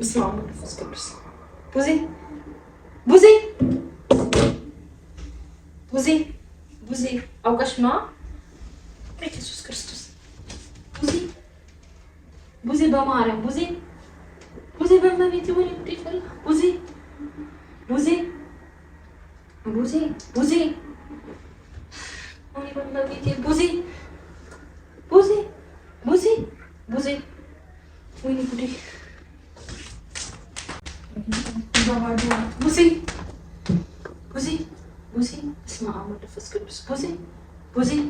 በስመ አብ ወመንፈስ ቅዱስ ቡዜ ቡዜ ቡዜ ቡዜ አውቀሽ ነዋ። ኢየሱስ ክርስቶስ ቡዜ ቡዜ በማርያም ቡዜ ቡዜ በእመቤቴ ወይኔ ጉዴ ቡዜ ቡዜ ቡዜ ቡዜ ወይኔ በእመቤቴ ቡዜ 不信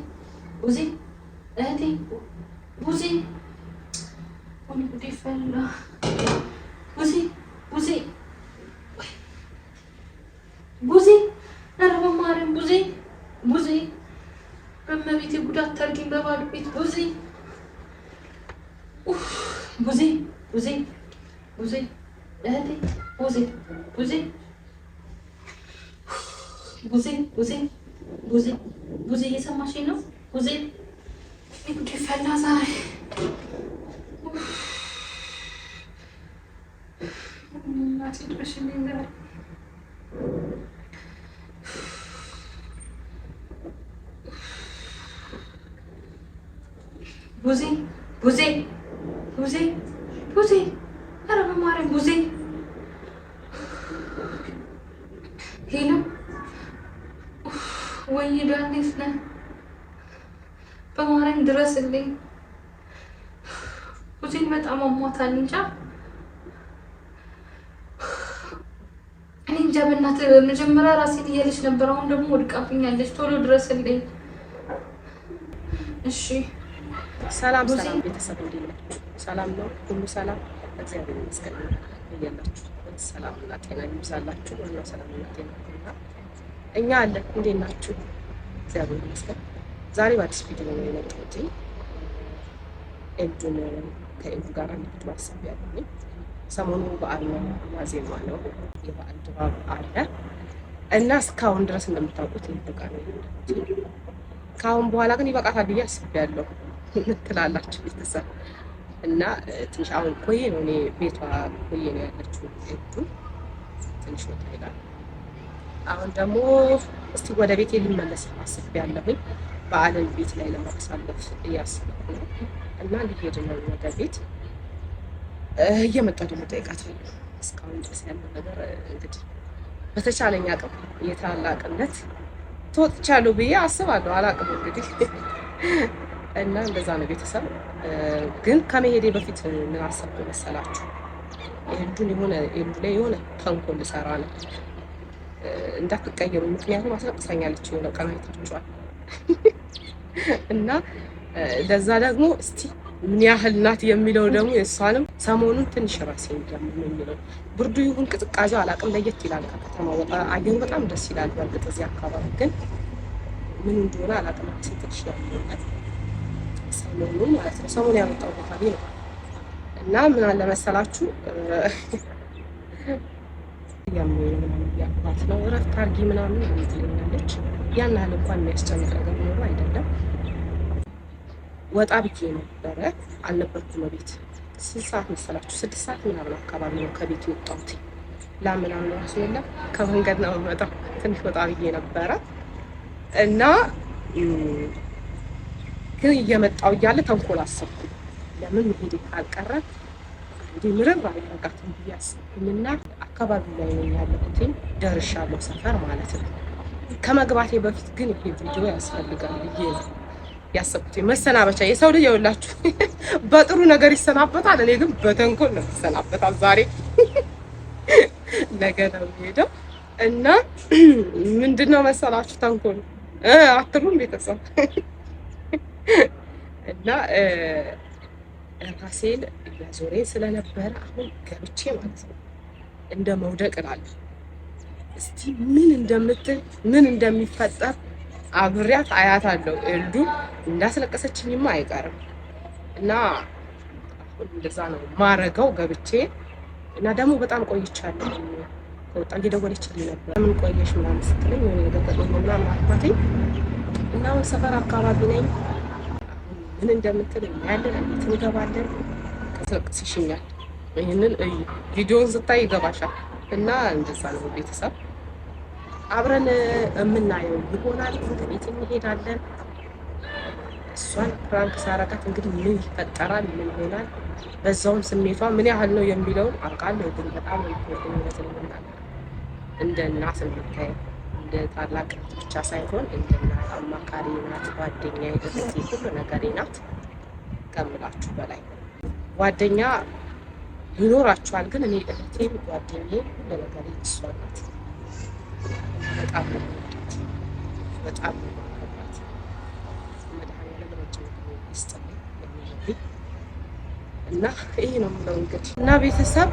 ጉዜ ሄሎ፣ ወይ ዳንዴት ነህ? በማርያም ድረስልኝ። ጉዜን በጣም አሟታል። እንጃ እኔ እንጃ። በእናትህ መጀመሪያ ራሴን እያለች ነበር፣ አሁን ደግሞ ወድቃብኛለች። ቶሎ ድረስልኝ እሺ። ሰላም ሰላም፣ ቤተሰብ እንዴት ናችሁ? ሰላም ነው? ሁሉ ሰላም እግዚአብሔር ይመስገን። እያላችሁበት ሰላምና ጤና ይብዛላችሁ። ዋናው ሰላምና ጤና ነውና እኛ አለን። እንዴት ናችሁ? እግዚአብሔር ይመስገን። ዛሬ በአዲስ ቪዲዮ ነው የመጣሁት። ኤልዱን ከኤልዱ ጋር ንግድ ማሰብ ያለኝ ሰሞኑ በዓል ነው፣ ዋዜማ ነው፣ የበዓል ድባብ አለ እና እስካሁን ድረስ እንደምታውቁት ኤልዱ ጋር ነው። ከአሁን በኋላ ግን ይበቃታል ብዬ አስቤያለሁ ትላላችሁ ቤተሰብ እና ትንሽ አሁን ኮዬ ነው እኔ ቤቷ ኮዬ ነው ያለችው። ቱ ትንሽ ወጣ ይላል። አሁን ደግሞ እስቲ ወደ ቤት ልመለስ አስብ አስቤያለሁኝ። በአለም ቤት ላይ ለማሳለፍ እያስብ ነው እና ሊሄድ ነው ወደ ቤት። እየመጣሁ ደግሞ እጠይቃታለሁ። እስካሁን ድረስ ያለ ነገር እንግዲህ በተቻለኝ አቅም የታላቅነት ተወጥቻለሁ ብዬ አስባለሁ። አላቅም እንግዲህ እና እንደዛ ነው ቤተሰብ። ግን ከመሄዴ በፊት ምን አሰብኩ መሰላችሁ? የልጁን የሆነ የልጁ ላይ የሆነ ተንኮል ልሰራ ነው። እንዳትቀየሩ፣ ምክንያቱም አስለቅሳኛለች የሆነ ቀን አይታችኋል። እና ለዛ ደግሞ እስቲ ምን ያህል ናት የሚለው ደግሞ የእሷንም ሰሞኑን ትንሽ ራሴ የሚለው ብርዱ ይሁን ቅዝቃዜው አላቅም፣ ለየት ይላል ከከተማ ወጣ። አየሩ በጣም ደስ ይላል። በእርግጥ እዚህ አካባቢ ግን ምን እንደሆነ አላቅም። ሴትች ነው የሚሆነት ሰሞኑ ማለት ነው። ሰሞኑ ያመጣው ባህሪ ነው እና ምን አለ መሰላችሁ ያባት ነው እረፍት አድርጊ ምናምን ትለኛለች። ያን ያህል እንኳን የሚያስጨንቅ ነገር ኖሮ አይደለም። ወጣ ብዬ ነበረ አልነበርኩም ቤት ስንት ሰዓት መሰላችሁ? ስድስት ሰዓት ምናምን አካባቢ ነው ከቤት የወጣሁት። ላምናምን ራሱ የለም ከመንገድ ነው የምመጣው። ትንሽ ወጣ ብዬ ነበረ እና ግን እየመጣው እያለ ተንኮል አሰብኩ። ለምን መሄድ አልቀረ እንዲህ ምርር አልረጋትም ብዬ አሰብኩኝና አካባቢ ላይ ነው ያለሁትኝ ደርሻለሁ፣ ሰፈር ማለት ነው። ከመግባቴ በፊት ግን ይሄ ቪዲዮ ያስፈልጋል ብዬ ነው ያሰብኩት። መሰናበቻ የሰው ልጅ የውላችሁ በጥሩ ነገር ይሰናበታል። እኔ ግን በተንኮል ነው ይሰናበታል። ዛሬ ነገ ነው የሚሄደው እና ምንድነው መሰላችሁ ተንኮል አትሉም ቤተሰብ እና ራሴን እያዞሬ ስለነበረ አሁን ገብቼ ማለት ነው እንደ መውደቅ እላለሁ። እስቲ ምን እንደምትል ምን እንደሚፈጠር አብሬያት አያታለሁ። እንዱ እንዳስለቀሰችኝማ አይቀርም እና አሁን እንደዛ ነው ማረገው ገብቼ እና ደግሞ በጣም ቆይቻለሁ። ከወጣ እየደወለችልኝ ነበር። ምን ቆየሽ ምናምን ስትለኝ የሆነ ነገር ገጠመኝ ምናምን አልኳትኝ እና አሁን ሰፈር አካባቢ ነኝ ምን እንደምትል እናያለን። እንዴት እንገባለን። ቀሰቅስሽኛል። ይህንን እዩ። ቪዲዮውን ስታይ ይገባሻል። እና እንደዛ ነው ቤተሰብ አብረን የምናየው ይሆናል። ወደ ቤት እንሄዳለን። እሷን ፕራንክ ሳረጋት እንግዲህ ምን ይፈጠራል፣ ምን ይሆናል፣ በዛውም ስሜቷ ምን ያህል ነው የሚለውን አውቃለሁ። ግን በጣም ነው የሚወደኝ እውነት እንደ እናት የምታየው እንደ ታላቅ ብቻ ሳይሆን እንደ እናት አማካሪ ናት፣ ጓደኛ እህቴ፣ ሁሉ ነገር ናት። ከምላችሁ በላይ ጓደኛ ይኖራችኋል፣ ግን እኔ እህቴም ጓደኛ ሁሉ ነገር እሷ ናት። በጣም በጣም እና ይህ ነው የምለው እንግዲህ እና ቤተሰብ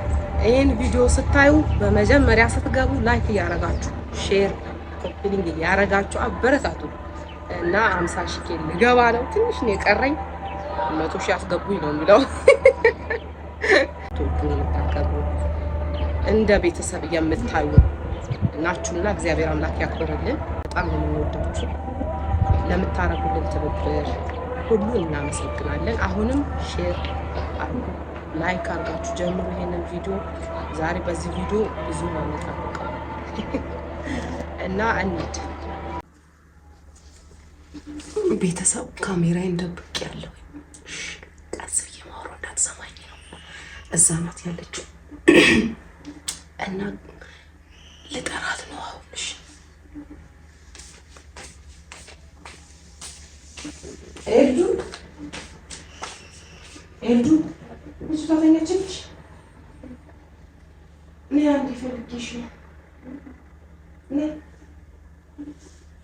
ይህን ቪዲዮ ስታዩ በመጀመሪያ ስትገቡ ላይክ እያደረጋችሁ ሼር ሰብስክራይብ እያረጋችሁ አበረታቱ እና አምሳ ሺህ ኬ ልገባ ነው። ትንሽ ነው የቀረኝ። መቶ ሺ አስገቡኝ ነው የሚለው እንደ ቤተሰብ የምታዩ ናችሁና እግዚአብሔር አምላክ ያክብርልን። በጣም የምንወዳችሁ ለምታረጉልን ትብብር ሁሉ እናመሰግናለን። አሁንም ሼር አርጉ፣ ላይክ አርጋችሁ ጀምሩ ይሄንን ቪዲዮ። ዛሬ በዚህ ቪዲዮ ብዙ ነው የሚጠብቀው። እና እንሂድ። ቤተሰብ ካሜራዬን ደብቅ ያለው ቀስ ብዬ ማውሮ እንዳትሰማኝ ነው። እዛ ናት ያለችው እና ልጠራት ነው አሁንሽ ኤልዱ ኤልዱ ብዙ ታተኛችንች እኔ አንድ ፈልጌሽ ነው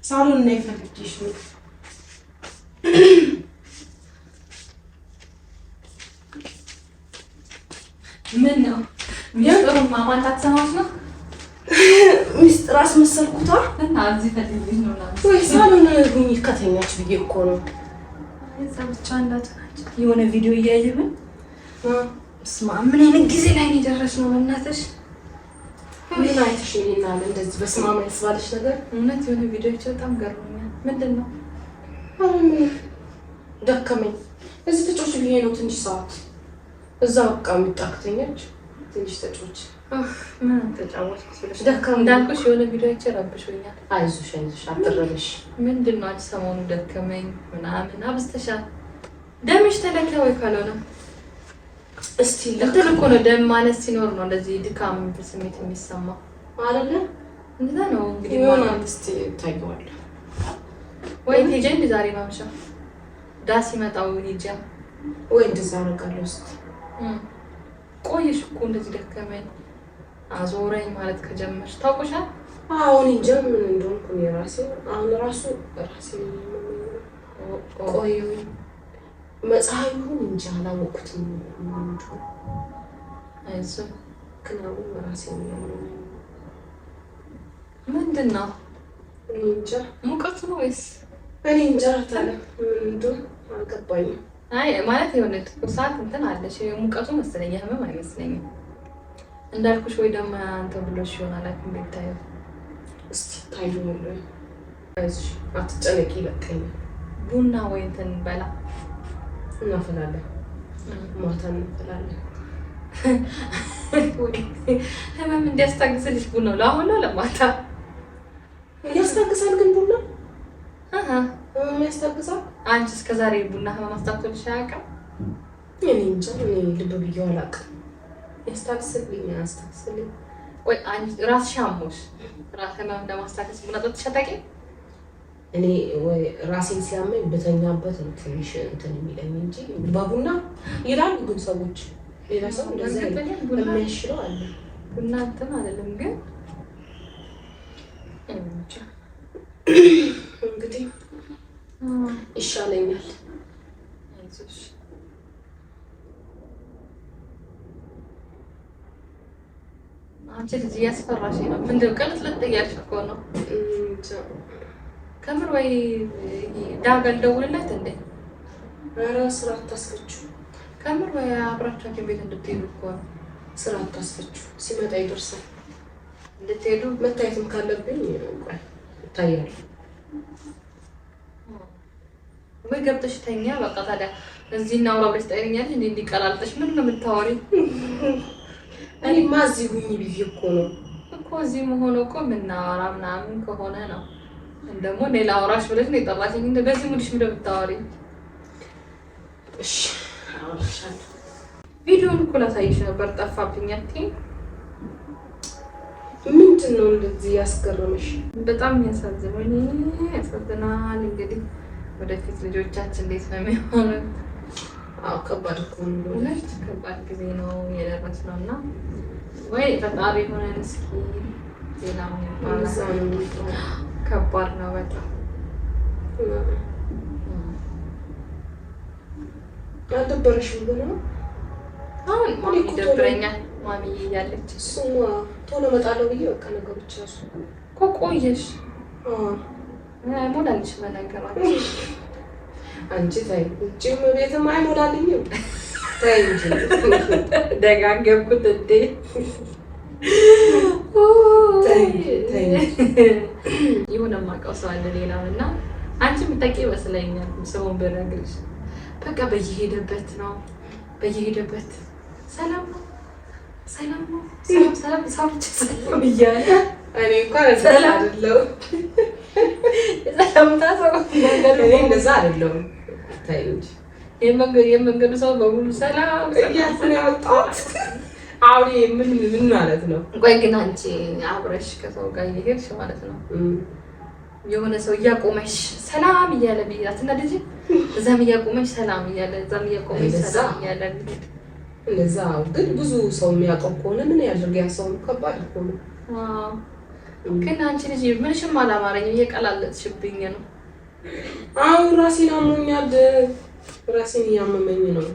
ሳሎን እና ፈልጌሽ ነው። ምን ነው የጥሩማ ማታ ተሰማሽ ነው? ሚስጥር አስመሰልኩታ እና እዚህ ፈልጌሽ ነው። ወይ ሳሎን ሁኚ ከተኛች ብዬ እኮ ነው። ዛ ብቻ እንዳትሆናች የሆነ ቪዲዮ እያየሁኝ። ስማ ምን አይነት ጊዜ ላይ ነው የደረስነው? በእናትሽ ምን አይተሽ ይልናል እንደዚህ በስመ አብ ያስባለሽ ነገር? እውነት የሆነ ቪዲዮዎች በጣም ገርሞኛል። ምንድን ነው? አሁን ደከመኝ። እዚህ ተጫወች ብዬ ነው ትንሽ ሰዓት እዛ በቃ የምታክተኛች ትንሽ ተጫወች። ምን ተጫወትኩት ብለሽ ደከመኝ እንዳልኩሽ የሆነ ቪዲዮዎች ረብሾኛል። አይዞሽ አይዞሽ አትረበሽ። ምንድን ነው አዲስ ሰሞኑ ደከመኝ ምናምን አብስተሻል። ደምሽ ተለኪያ ወይ ካልሆነ እስቲ እንትን እኮ ነው ደም ማነስ ሲኖር ነው እንደዚህ ድካም ስሜት የሚሰማ አይደለ? እንደዛ ነው እንግዲህ ይሆናል። እስቲ ታየዋለህ ወይ ሄጄ እንደ ዛሬ ማምሻ ዳስ ይመጣው ሄጄ ወይ እንደዛ አደርጋለሁ። እስቲ ቆይሽ እኮ እንደዚህ ደከመኝ አዞረኝ ማለት ከጀመርሽ ታውቆሻል። አሁን እንጃ ምን እንደሆንኩ እኔ ራሴ አሁን ራሱ ራሴ ቆየሁኝ መጽሐፍ እንጂ አላወቅኩትም። ምንድን ነው አይዞህ፣ ግን አሁን ምንድን ነው እንጃ፣ ሙቀቱ ነው ወይስ እኔ እንጃ። ታዲያ ምንድን አልገባኝም። አይ ማለት የሆነ ጥቁር እንትን አለች። ሙቀቱ መሰለኝ ህመም አይመስለኝም። እንዳልኩሽ ወይ ደግሞ እንትን ብሎሽ ይሆናል። አይ እንደታየው እስኪ ታዩ። አይዞሽ፣ አትጨነቂ። ይለቀኛል ቡና ወይ እንትን በላ እናፈላለን፣ ማታ እንፈላለን። ህመም እንዲያስታግስልሽ ቡና ለአሁን ነው ለማታ ያስታግሳል። ግን ቡና ህመም ያስታግሳል። አንቺ እስከ ዛሬ ቡና ህመም አስታግቶልሽ አያውቅም? እኔ እንጃ። እኔ ልብ ብዬው አላውቅም። ያስታግስልኝ ያስታግስልኝ። ቆይ አንቺ ራስሽ አሞሽ ራስ ህመም ለማስታገስ ቡና ጠጥተሽ አታውቂም? እኔ ወይ ራሴን ሲያመኝ ብተኛበት ትንሽ እንትን የሚለኝ እንጂ በቡና ይላሉ። ግን ሰዎች ሌላ ሰው እንደዚያ የሚያሽለው አለ። ቡና እንትን አይደለም ግን እንግዲህ ይሻለኛል። አንቺ ልጅ እያስፈራሽ ነው። ምንድን ቅልጥልጥ እያልሽ እኮ ነው ከምር ወይ ዳገል ልደውልላት እንዴ? ኧረ ስራ አታስፈችው። ከምር ወይ አብራችሁ ሐኪም ቤት እንድትሄዱ እኮ ስራ አታስፈችው፣ ሲመጣ ይደርሳል። እንድትሄዱ መታየትም ካለብኝ ይታያሉ። ወይ ገብተሽ ተኛ። በቃ ታዲያ እዚህ እናውራ ብለሽ ትጠይቀኛለሽ እንዴ? እንዲቀላልጠሽ ምን ነው የምታወሪ? እኔማ እዚህ ሁኚ ብዬሽ እኮ ነው እኮ እዚህ መሆኑ እኮ የምናወራ ምናምን ከሆነ ነው ደግሞ ሌላ አውራሽ ብለሽ ነው የጠራሽኝ። እንደ በዚህ ሙድሽ ምደ ብታወሪ? እሺ አውራሻለሁ። ቪዲዮውን እኮ ላሳይሽ ነበር ጠፋብኝ። አትይኝ። ምንድን ነው እንደዚህ ያስገረመሽ? በጣም ያሳዝናል። ያሳዝናል። እንግዲህ ወደፊት ልጆቻችን እንዴት ነው የሚሆኑት? አዎ ከባድ እኮ ሁለት ከባድ ጊዜ ነው የደረስነው እና ወይ ፈጣሪ የሆነን እስኪ ዜና ከባድ ነው በጣም አልደበረሽም ብሎ አሁን ማሚ ይደብረኛል ማሚ እያለች ስሟ ቶሎ እመጣለሁ ብዬ በቃ ነገሮች ራሱ እኮ ቆየሽ አይሞላልሽ በነገራችን አንቺ ተይ ውጭም ቤትም አይሞላልኝም ተይ እንጂ ደጋገብኩት እንዴ የሆነ የማውቀው ሰው አለ ሌላም እና አንቺ የምታውቂው ይመስለኛል። ሰውን ብነግርሽ በቃ በየሄደበት ነው በየሄደበት ሰላም ነው ሰላም ሰላም ሰላም ሰላም ሰላም ሰው በሙሉ ሰላም ያወጣት አውሪ ምን ምን ማለት ነው? ቆይ ግን አንቺ አብረሽ ከሰው ጋር እየሄድሽ ማለት ነው የሆነ ሰው እያቆመሽ ሰላም እያለ ብያት እና ልጅ እዛም እያቆመሽ ሰላም እያለ እዛም እያቆመሽ ሰላም እያለ እንደዛ። ግን ብዙ ሰው የሚያውቀው ከሆነ ምን ያድርግ? ያ ሰው ከባድ እኮ ነው። ግን አንቺ ልጅ ምንሽም አላማረኝም፣ እየቀላለጥሽብኝ ነው። አሁን ራሴን አሞኛል፣ ራሴን እያመመኝ ነው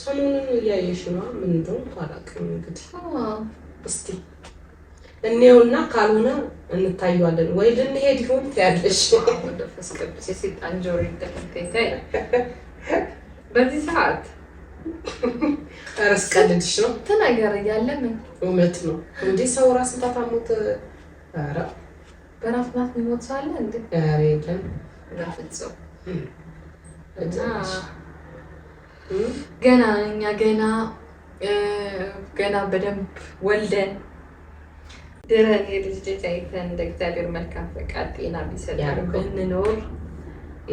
ሰሞኑን እያየሽ ነ ምን እንደውም አላውቅም። እንግዲህ እስቲ እኔውና ካልሆነ እንታየዋለን ወይ ልንሄድ ይሆን ትያለሽ። መንፈስ ቅዱስ የሴጣን ጆሮ በዚህ ሰዓት ኧረ ነው ትነገር እያለ ምን እውነት ነው እንዴ? ሰው ራስ ምታት አሞት ኧረ በራስ ምታት የሚሞት ሰው አለ እንዴ? ኧረ የለም በፍጹም እና ገና እኛ ገና ገና በደንብ ወልደን ድረን የልጅ ልጅ አይተን እንደ እግዚአብሔር መልካም ፈቃድ ጤና ቢሰጠን ብንኖር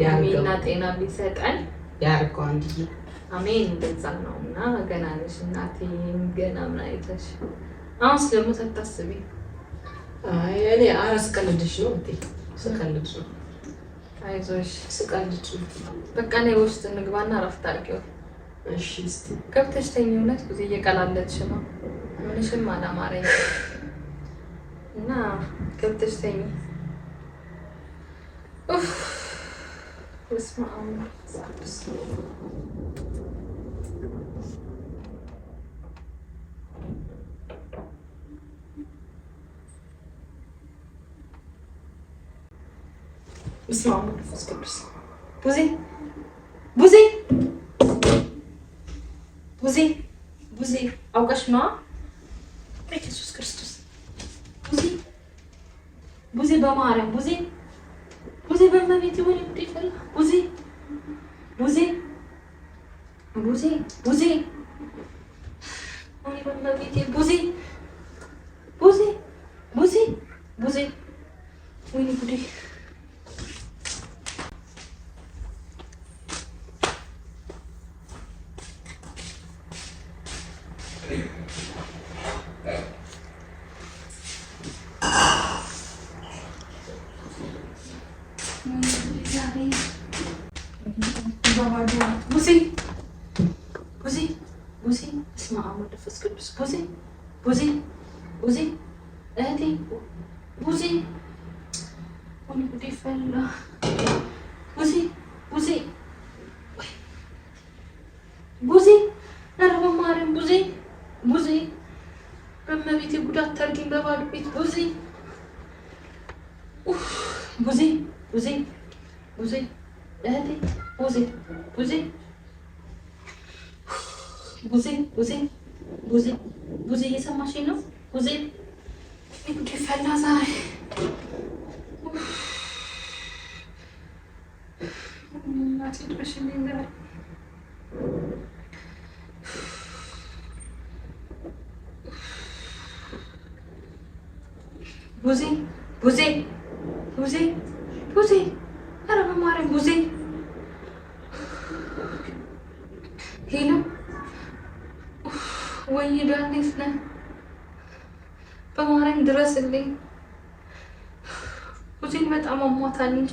ያሚና ጤና ቢሰጠን ያርገው አንድ አሜን። እንደዛ ነው እና ገና ነሽ እናቴም ገና ምን አይተሽ አሁንስ ደግሞ ሳታስቢ እኔ አረ ስቀልድሽ ነው እ ስቀልድ ነው። አይዞሽ፣ ስቀልድ ነው። በቃ ነ ውስጥ ንግባና እረፍት አድርጊው። እሺ እስቲ ገብተሽ ተኝ። እውነት ጊዜ እየቀላለድሽ ነው። ምንሽም አላማረኝ እና ገብተሽ ተኝ። በስመ አብ ቅዱስ ቡዜ ቡዜ ቡዜ ቡዜ አውቀሽ ነዋ። ኢየሱስ ክርስቶስ ቡዜ ቡዜ በማርያም ቡዜ ቡዜ በመቤት ሆን ይፈላ ቡዜ ቡዜ ቡዜ ቡዜ ሆኔ በመቤቴ ቡዜ ቡዜ ቡዜ ቡዜ ወይኔ ጉዴ ቡዜ ኧረ በማርያም ቡዜ ቡዜ በመቤቴ ጉዳት ታርጊኝ በባዶ ቤት ቡዜ ቡዜ ቡዜ ቡዜ እህቴ ቡዜ ቡዜ ቡዜ ቡዜ ወይዶ እንዴት ነህ? በማርያም ድረስልኝ። ቁዜን በጣም አሟታል። እንጃ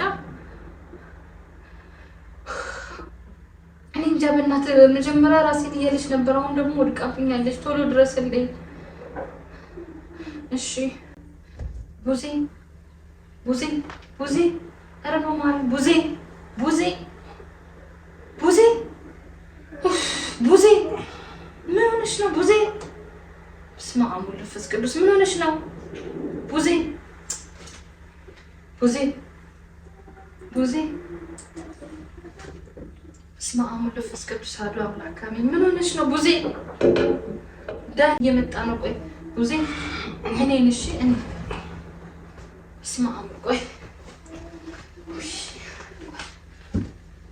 እኔ እንጃ። በእናትህ መጀመሪያ ራሴን እያለች ነበር፣ አሁን ደግሞ ወድቃብኛለች። ቶሎ ድረስልኝ። እሺ ቡዜ ቡዜ ቡዜ፣ ኧረ በማርያም ቡዜ ቡዜ ቅዱስ ምን ሆነሽ ነው? ቡዜ ቡዜ ቡዜ ስማ መንፈስ ቅዱስ አሐዱ አምላክ አሜን። ምን ሆነሽ ነው ቡዜ? ዳን እየመጣ ነው። ቆይ ቡዜ እኔን እሺ፣ እኔ ስማ ቆይ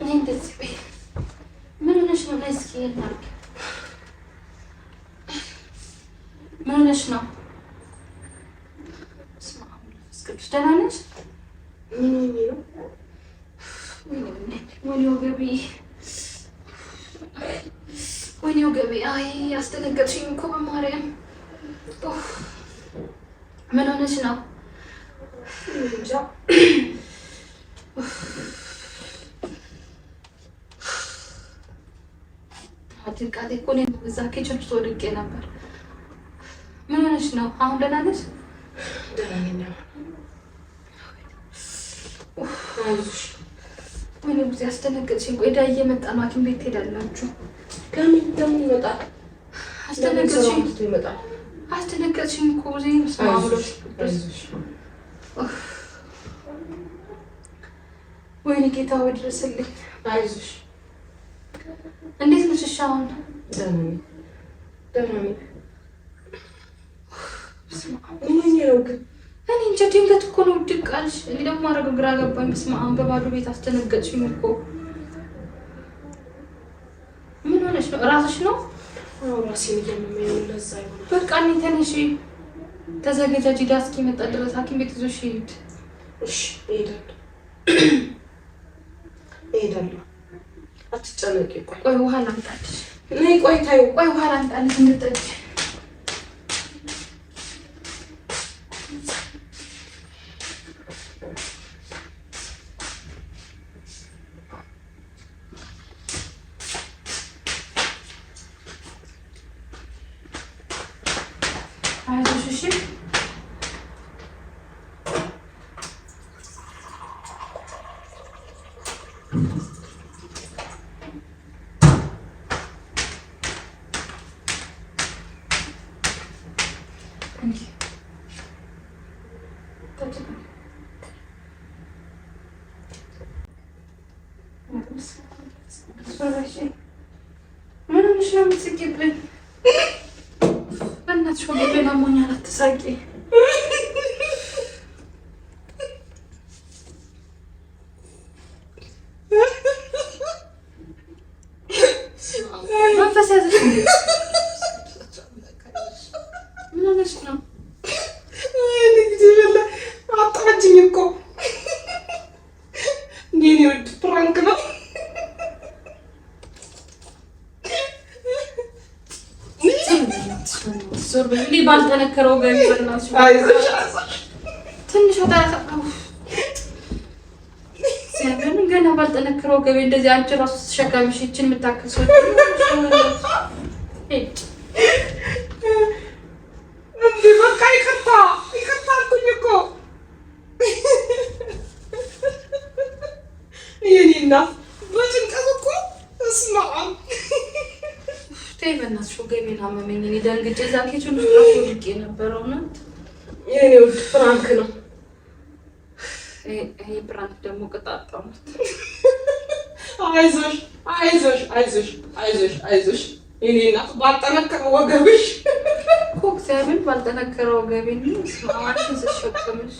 እኔ እንደዚህ ምን ሆነሽ ነው? ነይ እስኪ እናድርግ ምን ሆነሽ ነው? ቅዱስ ደህና ነሽ? ምን የሚለው ወይኔ ወገቤ፣ አይ ያስደነገጥሽኝ እኮ በማርያም። ምን ሆነሽ ነው? እንጃ አድርቃቴ እኮ እኔ በዛ ኬቸን ውስጥ ወድቄ ነበር። ምን ሆነሽ ነው? አሁን ደህና ነሽ? ደህና ነኝ። ጊዜ አስደነገጥሽኝ። ቆይ ዳዬ እየመጣ ነው። ሐኪም ቤት ትሄዳላችሁ። ከምን ደግሞ ይመጣል? አስደነገጥሽኝ አስደነገጥሽኝ እኮ ጊዜ ወይኔ ጌታ ወድረስልኝ። አይዞሽ። እንዴት ነሽ? አሁን ደህና ነኝ። ደህና ነኝ። ምን ነው ግን እኔ እንጃ። ድንገት እኮ ነው ድቅ አልሽ። እኔ ደግሞ ማድረግ ግራ ገባኝ። በስመ አብ በባዶ ቤት አስደነገጥሽኝ እኮ። ምን ሆነሽ ነው? እራስሽ ነው? ራሴን እየመመኝ በቃ እኔ ተነሽ፣ ተዘገጃጅ። ዳ እስኪመጣ ድረስ ሐኪም ቤት ይዞሽ ይሄድ። እሺ እሄዳለሁ፣ እሄዳለሁ። አትጨነቂ። ቆይ ውሃ ላምጣልሽ። ቆይ ታዩ። ቆይ ውሃ ላምጣልሽ እንድጠጪ ምንም ሽምስጌብኝ በእናትሽ ወገቤን አሞኛል። አትሳቂ ዞር በይ ባልተነከረው ገቢ በእናትሽ ትንሽ ገና ባልጠነከረው ገቢ እንደዚህ አንቺ ራሱ ተሸካሚሽ ይችን የምታክሰው በቃ ይቅርታ ይቅርታ አልኩኝ እኮ የኔ በጭንቀት እኮ እስማ ተይ በእናትሽ ወገቤን አመመኝ። እኔ ደንግጬ እዛ ኬችን ውስጥ ራሱ የነበረው እናት የኔ ውድ ፍራንክ ነው። ይሄ ፍራንክ ደግሞ ቅጣጣሙት። አይዞሽ አይዞሽ አይዞሽ አይዞሽ አይዞሽ የኔ እናት ባልጠነከረ ወገብሽ እኮ እግዚአብሔር ባልጠነከረ ወገቤን ስማዋሽን ስሸቅምሽ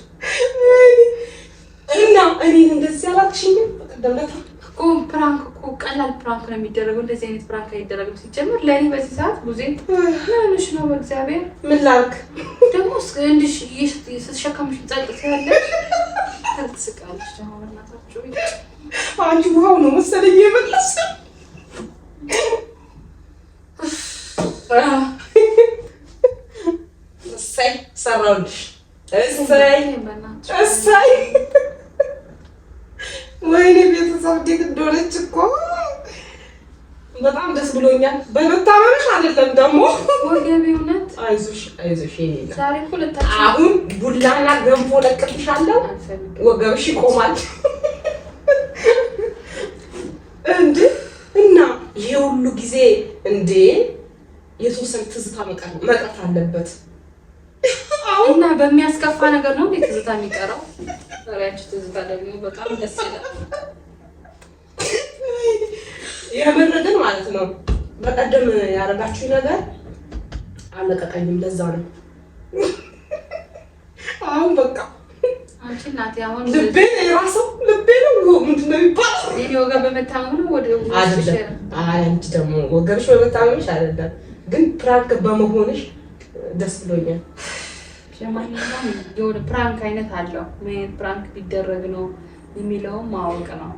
እና እኔን እንደዚህ አላልሽኝም በቀደም ዕለት እኮ ፕራንክ እኮ ቀላል ፕራንክ ነው የሚደረገው። እንደዚህ አይነት ፕራንክ አይደረግም። ሲጀምር ለእኔ በዚህ ሰዓት ጉዜ ምንሽ ነው? በእግዚአብሔር ምን ላድርግ ደግሞ እንድሽ ስትሸከምሽ ጸጥ ሲያለሽ ትስቃለሽ። ደግሞ በእናታችሁ አንቺ ውሃው ነው መሰለኝ የመለስ እሰይ ሰራሁልሽ። እሰይ እሰይ ወይኔ ቤተሰብ እንዴት እንደሆነች እኮ በጣም ደስ ብሎኛል። በመታመምሽ አይደለም ደግሞ ወገቤውነት። አይዞሽ አይዞሽ። አሁን ቡላና ገንፎ ለቅጥሻለሁ፣ ወገብሽ ይቆማል። እንዴ እና ይሄ ሁሉ ጊዜ እንዴ የተወሰነ ትዝታ መቅረት አለበት። አሁን እና በሚያስከፋ ነገር ነው ትዝታ የሚቀረው። ሪያችሁ ትዝታ ደግሞ በጣም ደስ ይላል። የምር ግን ማለት ነው በቀደም ያደረጋችሁ ነገር አለቀቀኝም። ለዛ ነው አሁን በቃ አንቺ እናቴ አሁን ልቤ የራሱ ልቤ ነው ወገብሽ በመታመምሽ አይደለም ግን ፕራንክ በመሆንሽ ደስ ብሎኛል። ለማንኛውም የሆነ ፕራንክ አይነት አለው። ምን አይነት ፕራንክ ቢደረግ ነው የሚለውም ማወቅ ነው።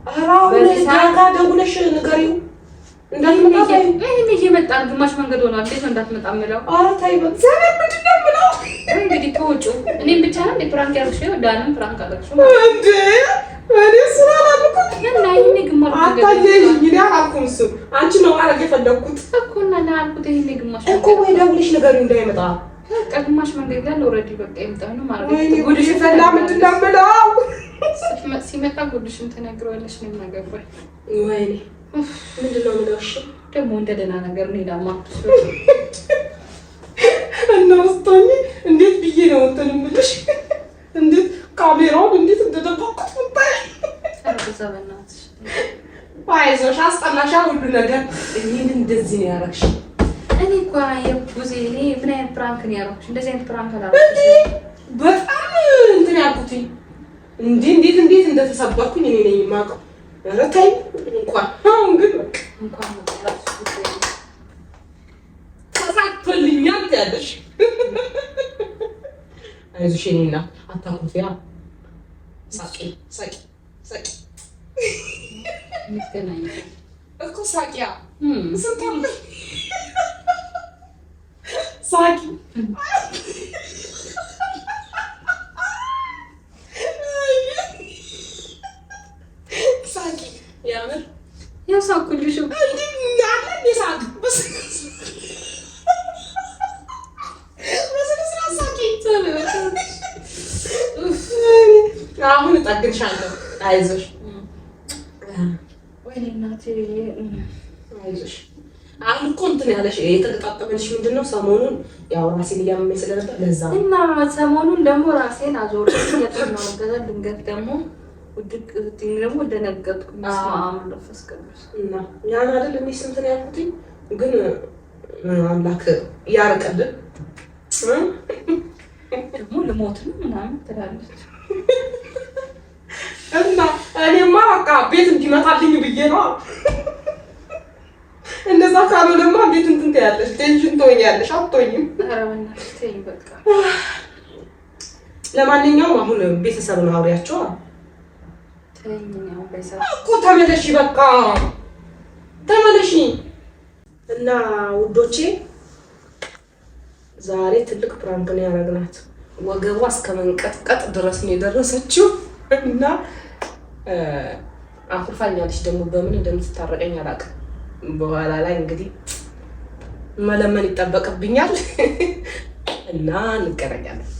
ጋ ደውለሽ ንገሪው። ይህን እየመጣ ግማሽ መንገድ ሆኗል። እንዴት ነው እንዳትመጣ የምለው? እንግዲህ ከውጭ እኔም ብቻ ነው ፕራንክ ያደረግሽ? ዳንም ፕራንክ አደረግሽ አንቺ ነው ማድረግ የፈለግኩት እኮ እና ለአልኩት ይህን ግማሽ እኮ ወይ ደውለሽ ንገሪው ቀግማሽ መንገድ ላይ ኦልሬዲ በቃ የምጣው ነው ማለት ነው። ጉድሽ ፈላ ምንድነው የምለው? ሲመጣ ጉድሽን ትነግረዋለሽ ነው የማገባኝ። ወይኔ ምንድነው የምለው? እሺ ደግሞ እንደ ደህና ነገር ነው ይላል እና ውስጣኒ እንዴት ብዬ ነው እንትን የምልሽ? እንዴት ካሜራውን እንዴት እንደደበቅኩት ምታይ አይዞሽ፣ አስጠናሻ ሁሉ ነገር። ይህን እንደዚህ ነው ያደረግሽ እኔ እኮ የቡዜ እኔ ምን አይነት ፕራንክ ነው ያደረኩሽ? እንደዚህ አይነት ፕራንክ በጣም እንትን ያልኩትኝ እንዴ እንዴት እንዴት እንደተሰባኩኝ እኔ ነኝ የማውቀው። ኧረ እንኳን አሁን ግን እንኳን ተሳክቶልኛል ትያለሽ። አይዞሽ የእኔ እናት ሳቂ ሳቂ ሳቂ እኮ ሳቂያ ስንት Sakin. Sakin. Yağmur. Ya sen kulüşüm. Nereden ne sakin? Basın. Basın sakin. Uf. Yağmur'u takın şanlı. Ayzur. ነው ያለሽ። የተጠጣጠመልሽ ምንድን ነው? ሰሞኑን ያው ራሴን እያመመኝ ስለነበር ለዛ እና ሰሞኑን ደግሞ ራሴን አዞር ያጠናው ገዛ ድንገት ደግሞ ውድቅ ትኝ ደግሞ ደነገጥኩ። ለፈስ ቅዱስ እና ያን አይደል እኔ ስንት ያልኩትኝ፣ ግን አምላክ ያርቅልን። ደግሞ ልሞት ነው ምናምን ትላለች እና እኔማ በቃ ቤት እንዲመጣልኝ ብዬ ነው እንደዛ ካልሆነማ እንዴት እንትን ትያለሽ? ቴንሽን ትሆኛለሽ። አትሆኝም። ለማንኛውም አሁን ቤተሰብ ነው አውሪያቸው እኮ ተመለሺ፣ በቃ ተመለሺ። እና ውዶቼ ዛሬ ትልቅ ፕራንክ ነው ያደረግናት። ወገቧ እስከ መንቀጥቀጥ ድረስ ነው የደረሰችው እና አኩርፋኛለች። ደግሞ በምን እንደምትታረቀኝ አላውቅም በኋላ ላይ እንግዲህ መለመን ይጠበቅብኛል እና እንገናኛለን።